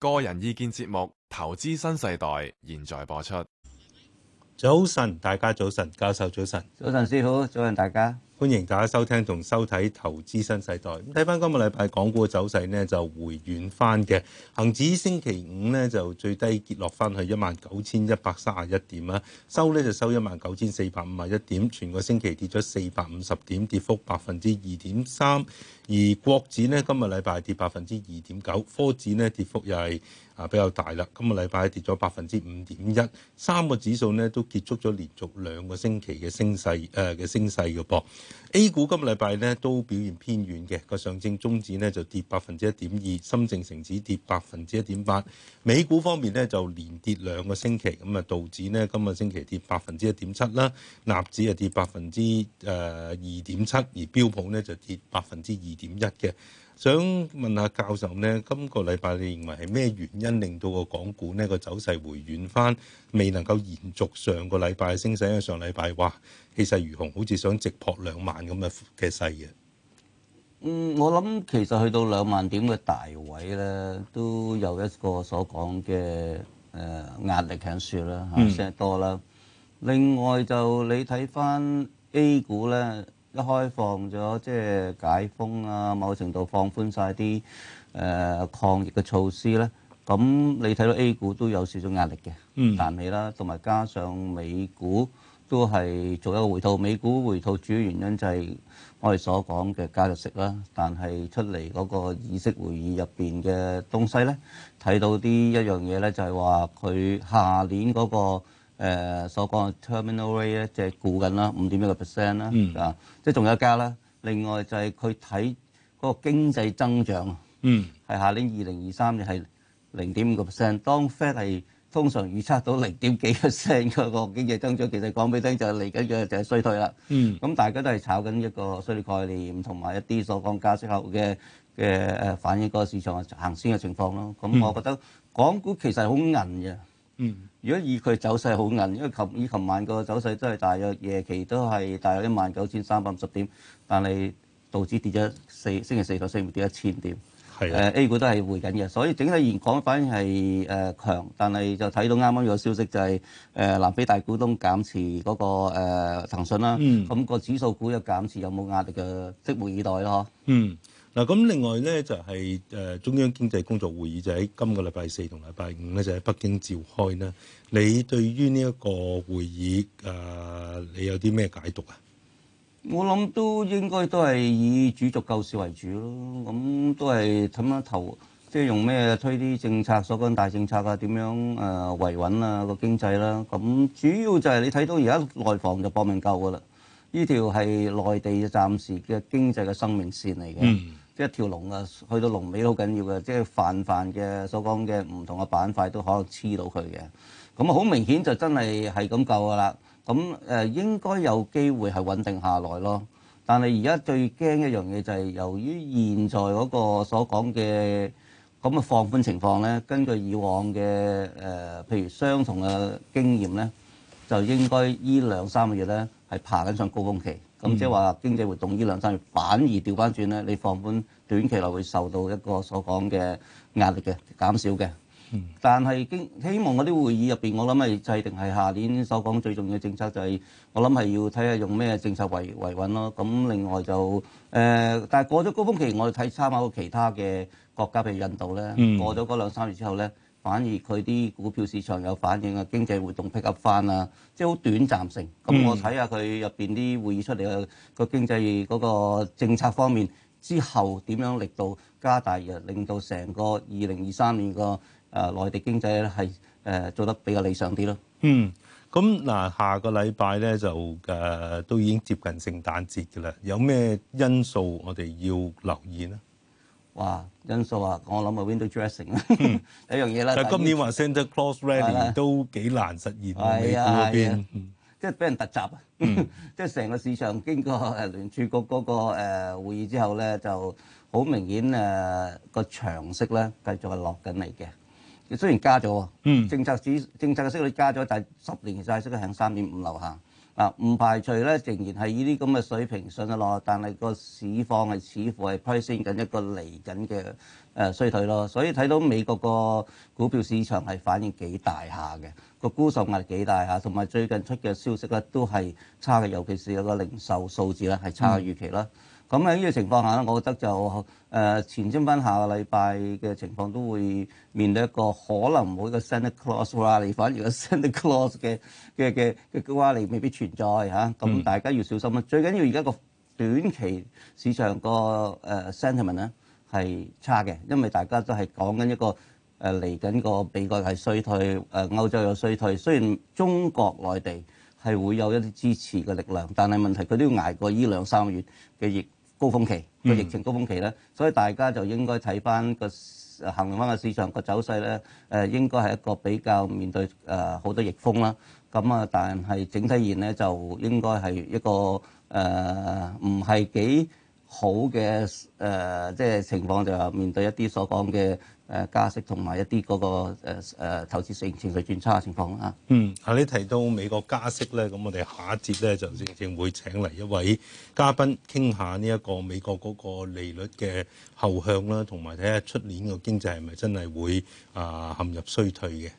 個人意見節目《投資新時代》現在播出。早晨，大家早晨，教授早晨，早晨師傅，早晨大家。歡迎大家收聽同收睇《投資新世代》。睇翻今個禮拜港股嘅走勢呢就回軟翻嘅。恒指星期五呢就最低跌落翻去一萬九千一百三十一點啦，收呢就收一萬九千四百五十一點，全個星期跌咗四百五十點，跌幅百分之二點三。而國指呢，今日禮拜跌百分之二點九，科指呢，跌幅又係。比較大啦！今個禮拜跌咗百分之五點一，三個指數咧都結束咗連續兩個星期嘅升勢，誒、呃、嘅升勢嘅噃。A 股今個禮拜咧都表現偏軟嘅，個上證綜指呢就跌百分之一點二，深證成指跌百分之一點八，美股方面呢就連跌兩個星期，咁啊道指呢今個星期跌百分之一點七啦，納指啊跌百分之誒二點七，而標普呢就跌百分之二點一嘅。想問下教授呢，今個禮拜你認為係咩原因令到個港股呢個走勢回軟翻，未能夠延續上個禮拜嘅升勢呢？上禮拜哇，氣勢如虹，好似想直撲兩萬咁嘅嘅勢嘅。嗯，我諗其實去到兩萬點嘅大位呢，都有一個所講嘅誒壓力嘅因素啦，上升多啦。另外就你睇翻 A 股呢。一開放咗，即係解封啊，某程度放寬曬啲誒抗疫嘅措施咧。咁你睇到 A 股都有少少壓力嘅，嗯，但係啦，同埋加上美股都係做一個回吐。美股回吐主要原因就係我哋所講嘅加息啦。但係出嚟嗰個議息會議入邊嘅東西咧，睇到啲一樣嘢咧，就係話佢下年嗰個。誒所講嘅 terminal rate 咧就係估緊啦，五點一個 percent 啦，啊，即係仲有一家啦。另外就係佢睇嗰個經濟增長，係下年二零二三年係零點五個 percent。當 Fed 係通常預測到零點幾 percent 嗰個經濟增長，其實講俾聽就係嚟緊嘅就係衰退啦。咁大家都係炒緊一個衰退概念，同埋一啲所講加息後嘅嘅誒反映個市場行先嘅情況咯。咁我覺得港股其實好銀嘅。嗯，如果以佢走勢好韌，因為琴以琴晚個走勢都係大約夜期都係大約一萬九千三百五十點，但係道指跌咗四星期四到星期五跌一千點。係誒的、呃、A 股都係回緊嘅，所以整體而講反而係誒強，但係就睇到啱啱有消息就係、是、誒、呃、南非大股東減持嗰、那個誒騰訊啦，咁個指數股又減持有冇壓力嘅？拭目以待咯，啊、嗯。嗯嗯。嗱咁，另外咧就係誒中央經濟工作會議就喺今個禮拜四同禮拜五咧就喺北京召開啦。你對於呢一個會議誒，你有啲咩解讀啊？我諗都應該都係以主足救市為主咯。咁都係咁啊頭，即係用咩推啲政策，所講大政策啊，點樣誒維穩啊個經濟啦。咁主要就係你睇到而家內房就搏命救噶啦，呢條係內地暫時嘅經濟嘅生命線嚟嘅。嗯。一條龍啊，去到龍尾好緊要嘅，即係泛泛嘅所講嘅唔同嘅板塊都可能黐到佢嘅。咁啊，好明顯就真係係咁夠噶啦。咁誒應該有機會係穩定下來咯。但係而家最驚一樣嘢就係由於現在嗰個所講嘅咁嘅放寬情況咧，根據以往嘅誒、呃、譬如相同嘅經驗咧，就應該依兩三個月咧係爬緊上高峰期。咁、嗯、即係話經濟活動呢兩三月反而調翻轉咧，你放寬短期內會受到一個所講嘅壓力嘅減少嘅。但係經希望嗰啲會議入邊，我諗係制定係下年所講最重要嘅政策就係、是、我諗係要睇下用咩政策維維穩咯。咁另外就誒、呃，但係過咗高峰期，我哋睇參考其他嘅國家，譬如印度咧，過咗嗰兩三月之後咧。反而佢啲股票市場有反應啊，經濟活動配合翻啦，即係好短暫性。咁我睇下佢入邊啲會議出嚟嘅個經濟嗰個政策方面，之後點樣力度加大，又令到成個二零二三年個誒內地經濟係誒做得比較理想啲咯。嗯，咁嗱，下個禮拜咧就誒都已經接近聖誕節嘅啦，有咩因素我哋要留意咧？哇，因素啊！我諗啊，window dressing 啦、 嗯，有樣嘢啦。但係今年話 Santa Claus ready、啊、都幾難實現喎。喺即係俾人突襲啊！嗯、即係成個市場經過聯儲局嗰個誒會議之後咧，就好明顯誒、呃這個長息咧繼續係落緊嚟嘅。雖然加咗，嗯政，政策市政策嘅息率加咗，但係十年債息都喺三點五樓下。啊！唔排除咧，仍然係以啲咁嘅水平上嘅落，但係個市況係似乎係 price in 緊一個嚟緊嘅誒衰退咯。所以睇到美國個股票市場係反應幾大下嘅，個沽售壓力幾大下，同埋最近出嘅消息咧都係差嘅，尤其是個零售數字咧係差嘅預期啦。咁喺呢個情況下咧，我覺得就誒、呃、前瞻翻下個禮拜嘅情況都會面對一個可能冇個 Santa Claus 嘅 rally，反而個 Santa Claus 嘅嘅嘅嘅 rally 未必存在嚇。咁大家要小心啦。嗯、最緊要而家個短期市場個誒、呃、sentiment 咧係差嘅，因為大家都係講緊一個誒嚟緊個美國係衰退，誒、呃、歐洲又衰退。雖然中國內地係會有一啲支持嘅力量，但係問題佢都要捱過呢兩三個月嘅疫。高峰期個疫情高峰期咧，嗯、所以大家就應該睇翻個恆生嘅市場個走勢咧，誒應該係一個比較面對誒好多逆風啦。咁啊，但係整體現咧，就應該係一個誒唔係幾好嘅誒、呃，即係情況就面對一啲所講嘅。誒加息同埋一啲嗰個誒投資性情緒轉差嘅情況啦。嗯，啊你提到美國加息咧，咁我哋下一節咧就正正會請嚟一位嘉賓傾下呢一個美國嗰個利率嘅後向啦，同埋睇下出年個經濟係咪真係會啊陷入衰退嘅。